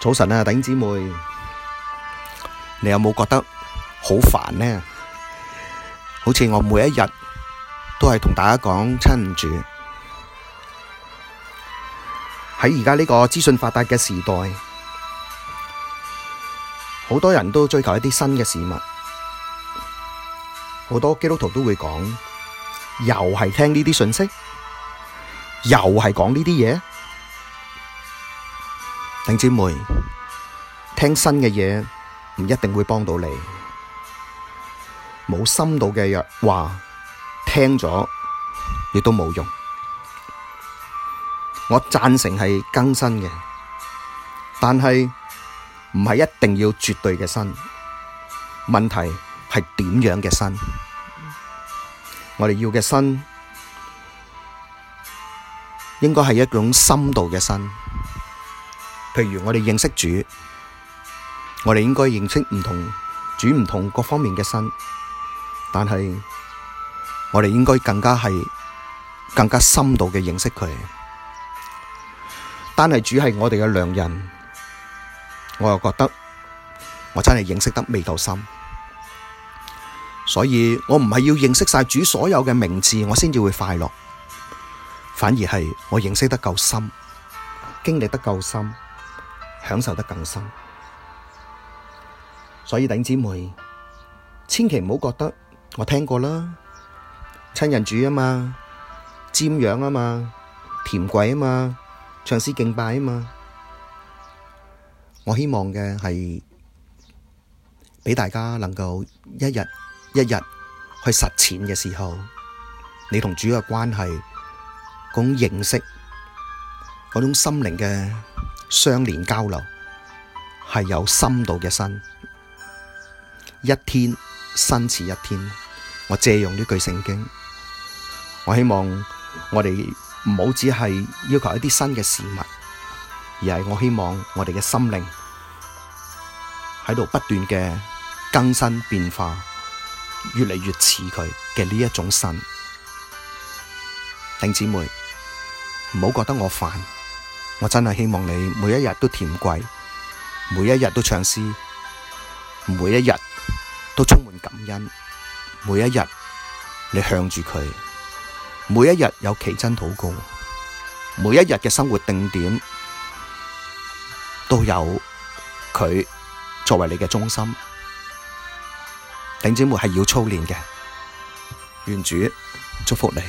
早晨啊，弟兄姊妹，你有冇覺得好煩呢？好似我每一日都係同大家講親近主，喺而家呢個資訊發達嘅時代，好多人都追求一啲新嘅事物，好多基督徒都會講，又係聽呢啲信息，又係講呢啲嘢。弟兄姊妹，聽新嘅嘢唔一定會幫到你，冇深度嘅話聽咗亦都冇用。我贊成係更新嘅，但係唔係一定要絕對嘅新。問題係點樣嘅新？我哋要嘅新應該係一種深度嘅新。譬如我哋認識主，我哋應該認識唔同主唔同各方面嘅身，但係我哋應該更加係更加深度嘅認識佢。但係主係我哋嘅良人，我又覺得我真係認識得未夠深，所以我唔係要認識晒主所有嘅名字，我先至會快樂，反而係我認識得夠深，經歷得夠深。享受得更深，所以頂姊妹，千祈唔好覺得我聽過啦，親近主啊嘛，瞻仰啊嘛，甜跪啊嘛，唱詩敬拜啊嘛。我希望嘅係，俾大家能夠一日一日去實踐嘅時候，你同主嘅關係，嗰種認識，嗰種心靈嘅。相連交流係有深度嘅新，一天新似一天。我借用呢句聖經，我希望我哋唔好只係要求一啲新嘅事物，而係我希望我哋嘅心靈喺度不斷嘅更新變化，越嚟越似佢嘅呢一種神。弟兄姊妹，唔好覺得我煩。我真係希望你每一日都甜貴，每一日都唱詩，每一日都充滿感恩，每一日你向住佢，每一日有奇珍禱告，每一日嘅生活定點都有佢作為你嘅中心。弟兄姊妹係要操練嘅，願主祝福你。